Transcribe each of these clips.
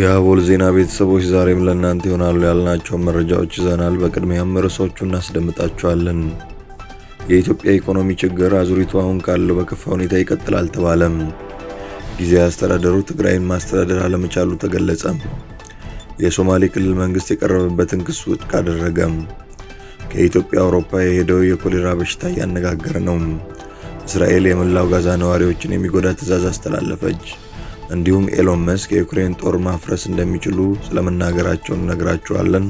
የአቦል ዜና ቤተሰቦች ዛሬም ለእናንተ ይሆናሉ ያልናቸውን መረጃዎች ይዘናል። በቅድሚያም ርዕሶቹ እናስደምጣቸዋለን። የኢትዮጵያ ኢኮኖሚ ችግር አዙሪቱ አሁን ካለው በከፋ ሁኔታ ይቀጥላል ተባለም። ጊዜያዊ አስተዳደሩ ትግራይን ማስተዳደር አለመቻሉ ተገለጸ። የሶማሌ ክልል መንግስት የቀረበበትን ክስ ውድቅ አደረገም። ከኢትዮጵያ አውሮፓ የሄደው የኮሌራ በሽታ እያነጋገረ ነው። እስራኤል የመላው ጋዛ ነዋሪዎችን የሚጎዳ ትዕዛዝ አስተላለፈች። እንዲሁም ኤሎን መስክ የዩክሬን ጦር ማፍረስ እንደሚችሉ ስለመናገራቸው እነግራችኋለን።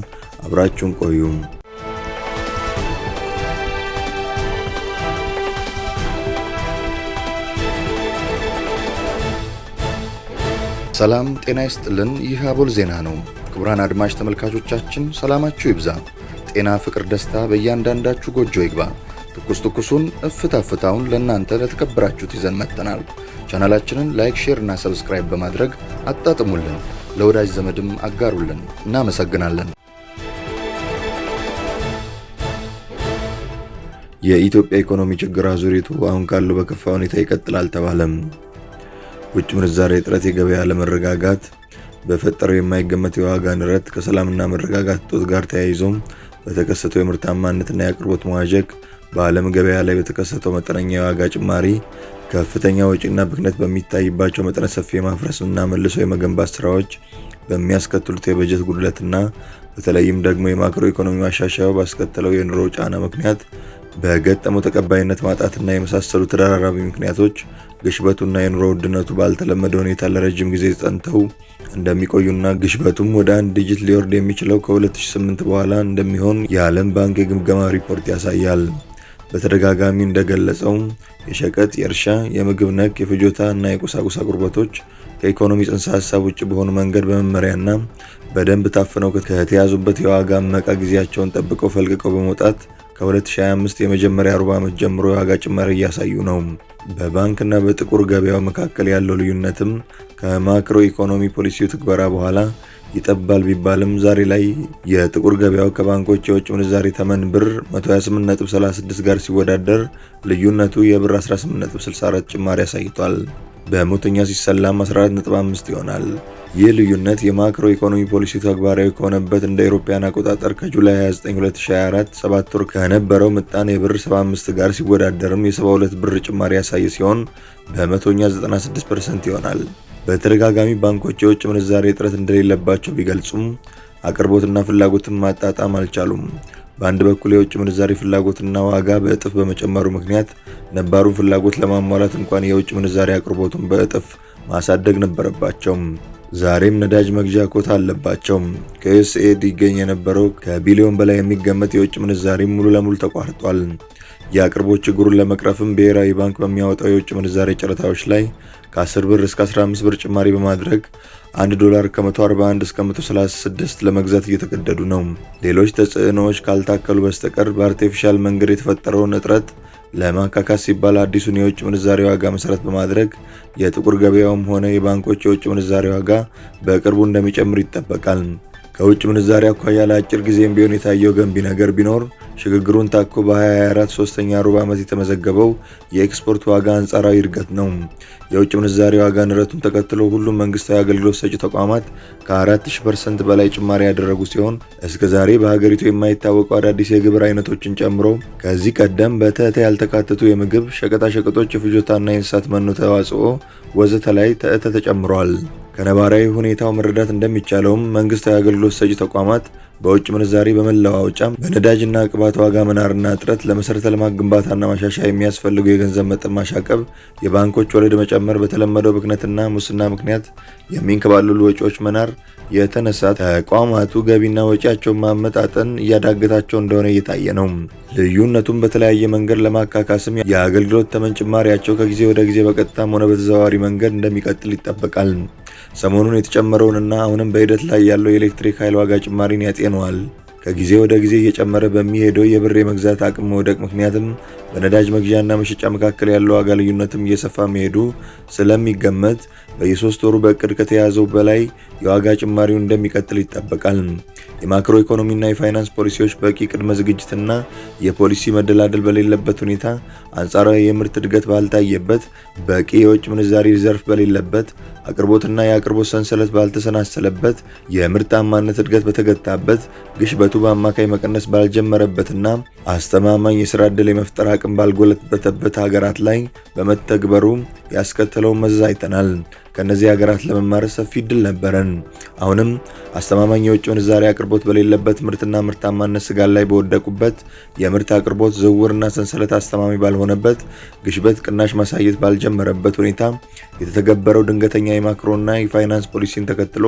አብራችሁን ቆዩም። ሰላም ጤና ይስጥልን። ይህ አቦል ዜና ነው። ክቡራን አድማጭ ተመልካቾቻችን ሰላማችሁ ይብዛ፣ ጤና፣ ፍቅር፣ ደስታ በእያንዳንዳችሁ ጎጆ ይግባ። ትኩስ ትኩሱን እፍታ ፍታውን ለእናንተ ለተከበራችሁት ይዘን መጥተናል። ቻናላችንን ላይክ፣ ሼር እና ሰብስክራይብ በማድረግ አጣጥሙልን፣ ለወዳጅ ዘመድም አጋሩልን። እናመሰግናለን። የኢትዮጵያ ኢኮኖሚ ችግር አዙሪቱ አሁን ካለው በከፋ ሁኔታ ይቀጥላል ተባለም። ውጭ ምንዛሬ እጥረት፣ የገበያ አለመረጋጋት በፈጠረው የማይገመት የዋጋ ንረት ከሰላምና መረጋጋት እጦት ጋር ተያይዞም በተከሰተው የምርታማነትና የአቅርቦት መዋዠቅ በዓለም ገበያ ላይ በተከሰተው መጠነኛ የዋጋ ጭማሪ ከፍተኛ ወጪና ብክነት በሚታይባቸው መጠነ ሰፊ የማፍረስ እና መልሶ የመገንባት ስራዎች በሚያስከትሉት የበጀት ጉድለትና በተለይም ደግሞ የማክሮ ኢኮኖሚ ማሻሻያው ባስከተለው የኑሮ ጫና ምክንያት በገጠመው ተቀባይነት ማጣትና የመሳሰሉ ተደራራቢ ምክንያቶች ግሽበቱና የኑሮ ውድነቱ ባልተለመደ ሁኔታ ለረጅም ጊዜ ጸንተው እንደሚቆዩና ግሽበቱም ወደ አንድ ዲጂት ሊወርድ የሚችለው ከ2008 በኋላ እንደሚሆን የዓለም ባንክ የግምገማ ሪፖርት ያሳያል። በተደጋጋሚ እንደገለጸው የሸቀጥ፣ የእርሻ፣ የምግብ ነክ፣ የፍጆታ እና የቁሳቁስ አቅርቦቶች ከኢኮኖሚ ጽንሰ ሀሳብ ውጭ በሆኑ መንገድ በመመሪያና በደንብ ታፍነው ከተያዙበት የዋጋ መቃ ጊዜያቸውን ጠብቀው ፈልቅቀው በመውጣት ከ2025 የመጀመሪያ ሩብ ዓመት ጀምሮ የዋጋ ጭማሪ እያሳዩ ነው። በባንክና በጥቁር ገበያው መካከል ያለው ልዩነትም ከማክሮ ኢኮኖሚ ፖሊሲው ትግበራ በኋላ ይጠባል ቢባልም ዛሬ ላይ የጥቁር ገበያው ከባንኮች የውጭ ምንዛሬ ተመን ብር 128.36 ጋር ሲወዳደር ልዩነቱ የብር 18.64 ጭማሪ አሳይቷል። በመቶኛ ሲሰላም 14.5 ይሆናል። ይህ ልዩነት የማክሮ ኢኮኖሚ ፖሊሲ ተግባራዊ ከሆነበት እንደ አውሮፓውያን አቆጣጠር ከጁላይ 29 2024 7 ወር ከነበረው ምጣኔ የብር 75 ጋር ሲወዳደርም የ72 ብር ጭማሪ ያሳየ ሲሆን በመቶኛ 96 ይሆናል። በተደጋጋሚ ባንኮች የውጭ ምንዛሬ እጥረት እንደሌለባቸው ቢገልጹም አቅርቦትና ፍላጎትን ማጣጣም አልቻሉም። በአንድ በኩል የውጭ ምንዛሬ ፍላጎትና ዋጋ በእጥፍ በመጨመሩ ምክንያት ነባሩን ፍላጎት ለማሟላት እንኳን የውጭ ምንዛሬ አቅርቦቱን በእጥፍ ማሳደግ ነበረባቸው። ዛሬም ነዳጅ መግዣ ኮታ አለባቸው። ከዩኤስኤድ ይገኝ የነበረው ከቢሊዮን በላይ የሚገመት የውጭ ምንዛሬም ሙሉ ለሙሉ ተቋርጧል። የአቅርቦት ችግሩን ለመቅረፍም ብሔራዊ ባንክ በሚያወጣው የውጭ ምንዛሬ ጨረታዎች ላይ ከ10 ብር እስከ 15 ብር ጭማሪ በማድረግ 1 ዶላር ከ141 እስከ 136 ለመግዛት እየተገደዱ ነው። ሌሎች ተጽዕኖዎች ካልታከሉ በስተቀር በአርቴፊሻል መንገድ የተፈጠረውን እጥረት ለማካካስ ሲባል አዲሱን የውጭ ምንዛሬ ዋጋ መሰረት በማድረግ የጥቁር ገበያውም ሆነ የባንኮች የውጭ ምንዛሬ ዋጋ በቅርቡ እንደሚጨምር ይጠበቃል። ከውጭ ምንዛሬ አኳያ ለአጭር ጊዜም ቢሆን የታየው ገንቢ ነገር ቢኖር ሽግግሩን ታኮ በ2024 ሶስተኛ ሩብ ዓመት የተመዘገበው የኤክስፖርት ዋጋ አንጻራዊ እድገት ነው። የውጭ ምንዛሬ ዋጋ ንረቱን ተከትሎ ሁሉም መንግስታዊ አገልግሎት ሰጪ ተቋማት ከ4000% በላይ ጭማሪ ያደረጉ ሲሆን እስከ ዛሬ በሀገሪቱ የማይታወቁ አዳዲስ የግብር አይነቶችን ጨምሮ ከዚህ ቀደም በትዕተ ያልተካተቱ የምግብ ሸቀጣሸቀጦች፣ የፍጆታና የእንስሳት መኖ ተዋጽኦ ወዘተ ላይ ትዕተ ተጨምሯል። ከነባራዊ ሁኔታው መረዳት እንደሚቻለውም መንግስታዊ አገልግሎት ሰጪ ተቋማት በውጭ ምንዛሪ በመለዋወጫ በነዳጅና ቅባት ዋጋ መናርና እጥረት ለመሰረተ ልማት ግንባታና ማሻሻያ የሚያስፈልገው የገንዘብ መጠን ማሻቀብ፣ የባንኮች ወለድ መጨመር፣ በተለመደው ብክነትና ሙስና ምክንያት የሚንከባለሉ ወጪዎች መናር የተነሳ ተቋማቱ ገቢና ወጪያቸውን ማመጣጠን እያዳገታቸው እንደሆነ እየታየ ነው። ልዩነቱን በተለያየ መንገድ ለማካካስም የአገልግሎት ተመን ጭማሪያቸው ከጊዜ ወደ ጊዜ በቀጥታም ሆነ በተዘዋዋሪ መንገድ እንደሚቀጥል ይጠበቃል። ሰሞኑን የተጨመረውንና አሁንም በሂደት ላይ ያለው የኤሌክትሪክ ኃይል ዋጋ ጭማሪን ያጤነዋል። ከጊዜ ወደ ጊዜ እየጨመረ በሚሄደው የብር የመግዛት አቅም መውደቅ ምክንያትም በነዳጅ መግዣና መሸጫ መካከል ያለው ዋጋ ልዩነትም እየሰፋ መሄዱ ስለሚገመት በየሶስት ወሩ በእቅድ ከተያዘው በላይ የዋጋ ጭማሪው እንደሚቀጥል ይጠበቃል። የማክሮ ኢኮኖሚና የፋይናንስ ፖሊሲዎች በቂ ቅድመ ዝግጅትና የፖሊሲ መደላደል በሌለበት ሁኔታ፣ አንጻራዊ የምርት እድገት ባልታየበት፣ በቂ የውጭ ምንዛሪ ሪዘርፍ በሌለበት፣ አቅርቦትና የአቅርቦት ሰንሰለት ባልተሰናሰለበት፣ የምርታማነት እድገት በተገታበት፣ ግሽበቱ በአማካይ መቀነስ ባልጀመረበትና አስተማማኝ የስራ ዕድል የመፍጠር አቅም ባልጎለበተበት ሀገራት ላይ በመተግበሩ ያስከተለውን መዘዝ አይተናል። ከእነዚህ ሀገራት ለመማር ሰፊ እድል ነበረን። አሁንም አስተማማኝ የውጭ ምንዛሬ አቅርቦት በሌለበት ምርትና ምርታማነት ስጋት ላይ በወደቁበት የምርት አቅርቦት ዝውውርና ሰንሰለት አስተማሚ ባልሆነበት ግሽበት ቅናሽ ማሳየት ባልጀመረበት ሁኔታ የተተገበረው ድንገተኛ የማክሮና የፋይናንስ ፖሊሲን ተከትሎ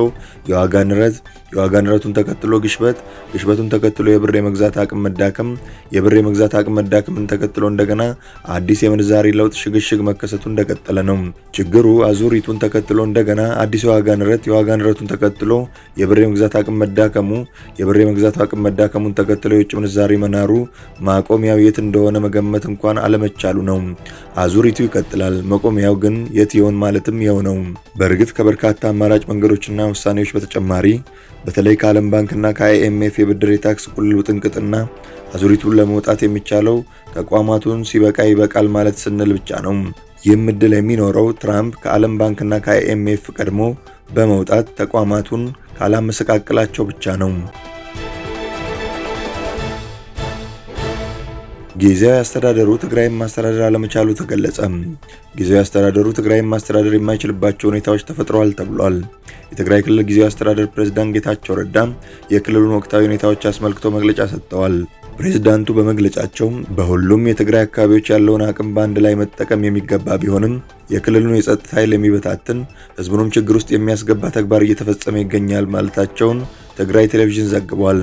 የዋጋ ንረት፣ የዋጋ ንረቱን ተከትሎ ግሽበት፣ ግሽበቱን ተከትሎ የብር የመግዛት አቅም መዳከም፣ የብር የመግዛት አቅም መዳከምን ተከትሎ እንደገና አዲስ የምንዛሬ ለውጥ ሽግሽግ መከሰቱ እንደቀጠለ እንደቀጠለ ነው። ችግሩ አዙሪቱን ተከትሎ እንደገና አዲስ የዋጋ ንረት፣ የዋጋ ንረቱን ተከትሎ የብር መግዛት አቅም መዳከሙ፣ የብር መግዛት አቅም መዳከሙን ተከትሎ የውጭ ምንዛሬ መናሩ ማቆሚያው የት እንደሆነ መገመት እንኳን አለመቻሉ ነው። አዙሪቱ ይቀጥላል፣ መቆሚያው ግን የት ይሆን ማለትም የው ነው። በእርግጥ ከበርካታ አማራጭ መንገዶችና ውሳኔዎች በተጨማሪ በተለይ ከዓለም ባንክና ከአይኤምኤፍ የብድር የታክስ ቁልል ውጥንቅጥና አዙሪቱን ለመውጣት የሚቻለው ተቋማቱን ሲበቃ ይበቃል ማለት ስንል ብቻ ነው። ይህም እድል የሚኖረው ትራምፕ ከዓለም ባንክና ከአይኤምኤፍ ቀድሞ በመውጣት ተቋማቱን ካላመሰቃቅላቸው ብቻ ነው። ጊዜያዊ አስተዳደሩ ትግራይን ማስተዳደር አለመቻሉ ተገለጸ። ጊዜያዊ አስተዳደሩ ትግራይን ማስተዳደር የማይችልባቸው ሁኔታዎች ተፈጥረዋል ተብሏል። የትግራይ ክልል ጊዜያዊ አስተዳደር ፕሬዝዳንት ጌታቸው ረዳ የክልሉን ወቅታዊ ሁኔታዎች አስመልክቶ መግለጫ ሰጥተዋል። ፕሬዝዳንቱ በመግለጫቸው በሁሉም የትግራይ አካባቢዎች ያለውን አቅም በአንድ ላይ መጠቀም የሚገባ ቢሆንም የክልሉን የጸጥታ ኃይል የሚበታትን ህዝቡንም ችግር ውስጥ የሚያስገባ ተግባር እየተፈጸመ ይገኛል ማለታቸውን ትግራይ ቴሌቪዥን ዘግቧል።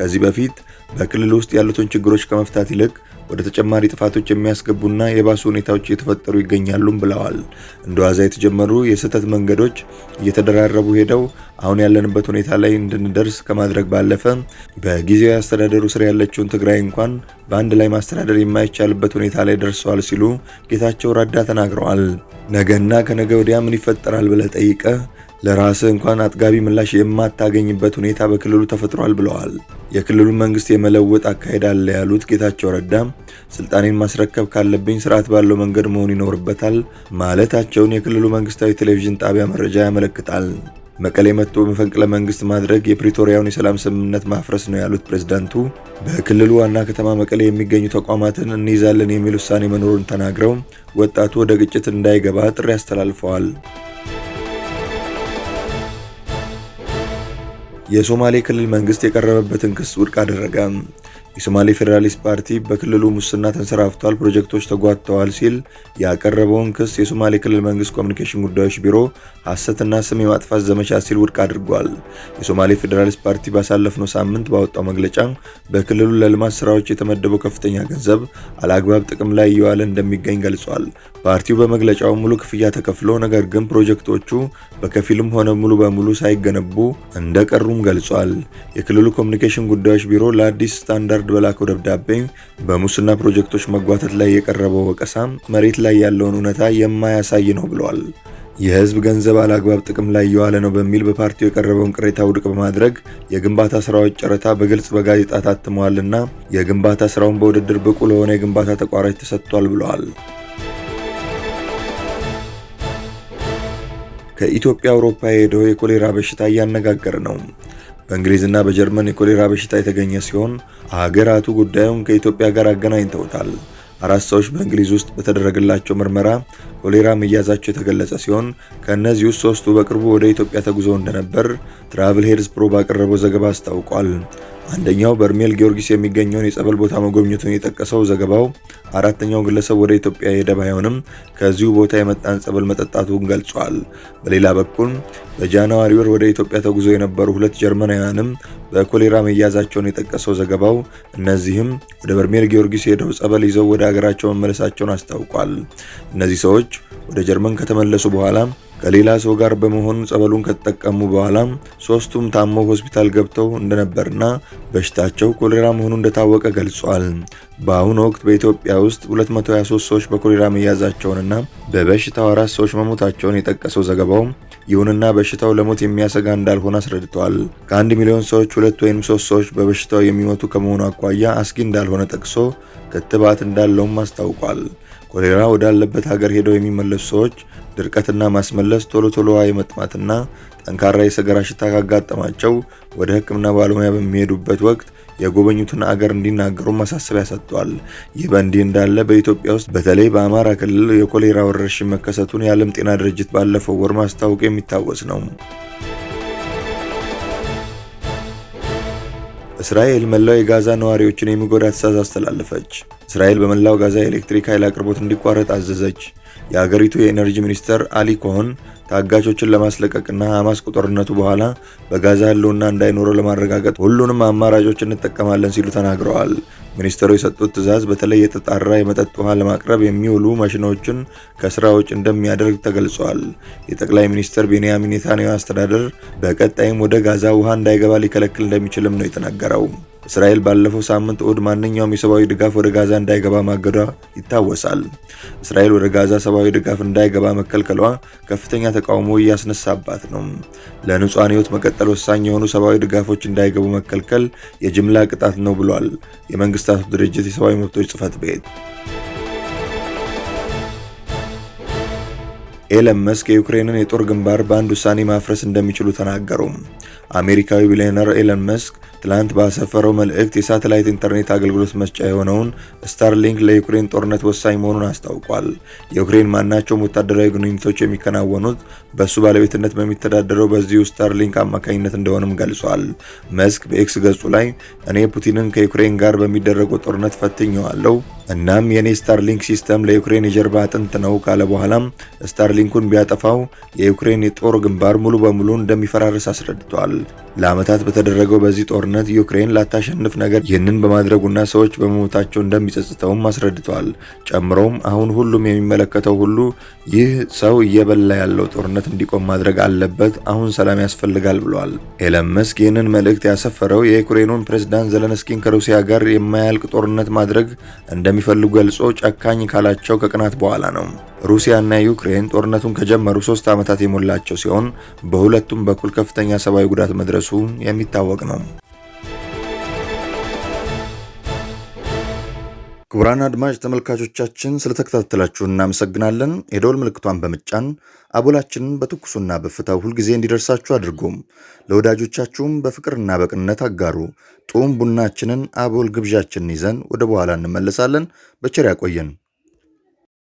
ከዚህ በፊት በክልል ውስጥ ያሉትን ችግሮች ከመፍታት ይልቅ ወደ ተጨማሪ ጥፋቶች የሚያስገቡና የባሱ ሁኔታዎች እየተፈጠሩ ይገኛሉም ብለዋል። እንደ ዋዛ የተጀመሩ የስህተት መንገዶች እየተደራረቡ ሄደው አሁን ያለንበት ሁኔታ ላይ እንድንደርስ ከማድረግ ባለፈ በጊዜያዊ አስተዳደሩ ስር ያለችውን ትግራይ እንኳን በአንድ ላይ ማስተዳደር የማይቻልበት ሁኔታ ላይ ደርሰዋል ሲሉ ጌታቸው ረዳ ተናግረዋል። ነገና ከነገ ወዲያ ምን ይፈጠራል ብለህ ጠይቀህ ለራስህ እንኳን አጥጋቢ ምላሽ የማታገኝበት ሁኔታ በክልሉ ተፈጥሯል ብለዋል። የክልሉን መንግስት የመለወጥ አካሄድ አለ ያሉት ጌታቸው ረዳ ስልጣኔን ማስረከብ ካለብኝ ስርዓት ባለው መንገድ መሆን ይኖርበታል ማለታቸውን የክልሉ መንግስታዊ ቴሌቪዥን ጣቢያ መረጃ ያመለክታል። መቀሌ መጥቶ መፈንቅለ መንግስት ማድረግ የፕሪቶሪያውን የሰላም ስምምነት ማፍረስ ነው ያሉት ፕሬዝዳንቱ በክልሉ ዋና ከተማ መቀሌ የሚገኙ ተቋማትን እንይዛለን የሚል ውሳኔ መኖሩን ተናግረው ወጣቱ ወደ ግጭት እንዳይገባ ጥሪ አስተላልፈዋል። የሶማሌ ክልል መንግስት የቀረበበትን ክስ ውድቅ አደረገ። የሶማሌ ፌዴራሊስት ፓርቲ በክልሉ ሙስና ተንሰራፍቷል፣ ፕሮጀክቶች ተጓተዋል ሲል ያቀረበውን ክስ የሶማሌ ክልል መንግስት ኮሚኒኬሽን ጉዳዮች ቢሮ ሐሰትና ስም የማጥፋት ዘመቻ ሲል ውድቅ አድርጓል። የሶማሌ ፌዴራሊስት ፓርቲ ባሳለፍነው ሳምንት ባወጣው መግለጫ በክልሉ ለልማት ስራዎች የተመደበው ከፍተኛ ገንዘብ አላግባብ ጥቅም ላይ እየዋለ እንደሚገኝ ገልጿል። ፓርቲው በመግለጫው ሙሉ ክፍያ ተከፍሎ ነገር ግን ፕሮጀክቶቹ በከፊልም ሆነ ሙሉ በሙሉ ሳይገነቡ እንደቀሩም ገልጿል። የክልሉ ኮሚኒኬሽን ጉዳዮች ቢሮ ለአዲስ ስታንዳርድ ሪቻርድ በላከው ደብዳቤ በሙስና ፕሮጀክቶች መጓተት ላይ የቀረበው ወቀሳ መሬት ላይ ያለውን እውነታ የማያሳይ ነው ብለዋል። የህዝብ ገንዘብ አላግባብ ጥቅም ላይ እየዋለ ነው በሚል በፓርቲው የቀረበውን ቅሬታ ውድቅ በማድረግ የግንባታ ስራዎች ጨረታ በግልጽ በጋዜጣ ታትመዋልና የግንባታ ስራውን በውድድር ብቁ ለሆነ የግንባታ ተቋራጭ ተሰጥቷል ብለዋል። ከኢትዮጵያ አውሮፓ የሄደው የኮሌራ በሽታ እያነጋገረ ነው። በእንግሊዝና በጀርመን የኮሌራ በሽታ የተገኘ ሲሆን ሀገራቱ ጉዳዩን ከኢትዮጵያ ጋር አገናኝተውታል። አራት ሰዎች በእንግሊዝ ውስጥ በተደረገላቸው ምርመራ ኮሌራ መያዛቸው የተገለጸ ሲሆን ከእነዚህ ውስጥ ሶስቱ በቅርቡ ወደ ኢትዮጵያ ተጉዘው እንደነበር ትራቭል ሄድስ ፕሮ ባቀረበው ዘገባ አስታውቋል። አንደኛው በርሜል ጊዮርጊስ የሚገኘውን የጸበል ቦታ መጎብኘቱን የጠቀሰው ዘገባው አራተኛው ግለሰብ ወደ ኢትዮጵያ የሄደ ባይሆንም ከዚሁ ቦታ የመጣን ጸበል መጠጣቱን ገልጿል። በሌላ በኩል በጃንዋሪ ወር ወደ ኢትዮጵያ ተጉዞ የነበሩ ሁለት ጀርመናውያንም በኮሌራ መያዛቸውን የጠቀሰው ዘገባው እነዚህም ወደ በርሜል ጊዮርጊስ ሄደው ጸበል ይዘው ወደ ሀገራቸው መመለሳቸውን አስታውቋል። እነዚህ ሰዎች ወደ ጀርመን ከተመለሱ በኋላ ከሌላ ሰው ጋር በመሆን ጸበሉን ከተጠቀሙ በኋላ ሶስቱም ታመው ሆስፒታል ገብተው እንደነበርና በሽታቸው ኮሌራ መሆኑ እንደታወቀ ገልጿል። በአሁኑ ወቅት በኢትዮጵያ ውስጥ 223 ሰዎች በኮሌራ መያዛቸውንና በበሽታው አራት ሰዎች መሞታቸውን የጠቀሰው ዘገባው ይሁንና በሽታው ለሞት የሚያሰጋ እንዳልሆነ አስረድቷል። ከአንድ ሚሊዮን ሰዎች ሁለት ወይም ሶስት ሰዎች በበሽታው የሚሞቱ ከመሆኑ አኳያ አስጊ እንዳልሆነ ጠቅሶ ክትባት እንዳለውም አስታውቋል። ኮሌራ ወዳለበት ሀገር ሄደው የሚመለሱ ሰዎች ድርቀትና ማስመለስ፣ ቶሎ ቶሎ ውሃ የመጥማትና ጠንካራ የሰገራ ሽታ ካጋጠማቸው ወደ ሕክምና ባለሙያ በሚሄዱበት ወቅት የጎበኙትን አገር እንዲናገሩ ማሳሰቢያ ሰጥቷል። ይህ በእንዲህ እንዳለ በኢትዮጵያ ውስጥ በተለይ በአማራ ክልል የኮሌራ ወረርሽኝ መከሰቱን የዓለም ጤና ድርጅት ባለፈው ወር ማስታወቅ የሚታወስ ነው። እስራኤል መላው የጋዛ ነዋሪዎችን የሚጎዳ ትዕዛዝ አስተላለፈች። እስራኤል በመላው ጋዛ የኤሌክትሪክ ኃይል አቅርቦት እንዲቋረጥ አዘዘች። የአገሪቱ የኤነርጂ ሚኒስተር አሊ ኮሆን ታጋቾችን ለማስለቀቅና ሐማስ ከጦርነቱ በኋላ በጋዛ ህልውና እንዳይኖረው ለማረጋገጥ ሁሉንም አማራጮች እንጠቀማለን ሲሉ ተናግረዋል። ሚኒስትሩ የሰጡት ትዕዛዝ በተለይ የተጣራ የመጠጥ ውሃ ለማቅረብ የሚውሉ ማሽኖችን ከስራ ውጭ እንደሚያደርግ ተገልጿል። የጠቅላይ ሚኒስትር ቤንያሚን ኔታንያሁ አስተዳደር በቀጣይም ወደ ጋዛ ውሃ እንዳይገባ ሊከለክል እንደሚችልም ነው የተናገረው። እስራኤል ባለፈው ሳምንት እሁድ ማንኛውም የሰብአዊ ድጋፍ ወደ ጋዛ እንዳይገባ ማገዷ ይታወሳል። እስራኤል ወደ ጋዛ ሰብአዊ ድጋፍ እንዳይገባ መከልከሏ ከፍተኛ ተቃውሞ እያስነሳባት ነው። ለንጹሐን ህይወት መቀጠል ወሳኝ የሆኑ ሰብአዊ ድጋፎች እንዳይገቡ መከልከል የጅምላ ቅጣት ነው ብሏል። የመንግስት መንግስታቱ ድርጅት የሰብአዊ መብቶች ጽህፈት ቤት ኤለን መስክ የዩክሬንን የጦር ግንባር በአንድ ውሳኔ ማፍረስ እንደሚችሉ ተናገሩ። አሜሪካዊ ቢሊዮነር ኤለን መስክ ትላንት ባሰፈረው መልእክት የሳተላይት ኢንተርኔት አገልግሎት መስጫ የሆነውን ስታርሊንክ ለዩክሬን ጦርነት ወሳኝ መሆኑን አስታውቋል። የዩክሬን ማናቸውም ወታደራዊ ግንኙነቶች የሚከናወኑት በእሱ ባለቤትነት በሚተዳደረው በዚሁ ስታርሊንክ አማካኝነት እንደሆነም ገልጿል። መስክ በኤክስ ገጹ ላይ እኔ ፑቲንን ከዩክሬን ጋር በሚደረገው ጦርነት ፈትኘዋለሁ እናም የኔ ስታርሊንክ ሲስተም ለዩክሬን የጀርባ አጥንት ነው ካለ በኋላም ስታርሊንኩን ቢያጠፋው የዩክሬን የጦር ግንባር ሙሉ በሙሉ እንደሚፈራርስ አስረድቷል። ለዓመታት በተደረገው በዚህ ጦርነት ጦርነት ዩክሬን ላታሸንፍ ነገር ይህንን በማድረጉና ሰዎች በመሞታቸው እንደሚጸጽተውም አስረድተዋል። ጨምሮም አሁን ሁሉም የሚመለከተው ሁሉ ይህ ሰው እየበላ ያለው ጦርነት እንዲቆም ማድረግ አለበት፣ አሁን ሰላም ያስፈልጋል ብለዋል። ኤለን መስክ ይህንን መልእክት ያሰፈረው የዩክሬኑን ፕሬዝዳንት ዘለንስኪን ከሩሲያ ጋር የማያልቅ ጦርነት ማድረግ እንደሚፈልጉ ገልጾ ጨካኝ ካላቸው ከቅናት በኋላ ነው። ሩሲያና ዩክሬን ጦርነቱን ከጀመሩ ሶስት ዓመታት የሞላቸው ሲሆን በሁለቱም በኩል ከፍተኛ ሰብአዊ ጉዳት መድረሱ የሚታወቅ ነው። ክቡራን አድማጭ ተመልካቾቻችን ስለተከታተላችሁ እናመሰግናለን። የደወል ምልክቷን በምጫን አቦላችንን በትኩሱና በፍታው ሁልጊዜ እንዲደርሳችሁ አድርጎም ለወዳጆቻችሁም በፍቅርና በቅንነት አጋሩ። ጡም ቡናችንን አቦል ግብዣችንን ይዘን ወደ በኋላ እንመለሳለን። በቸር ያቆየን።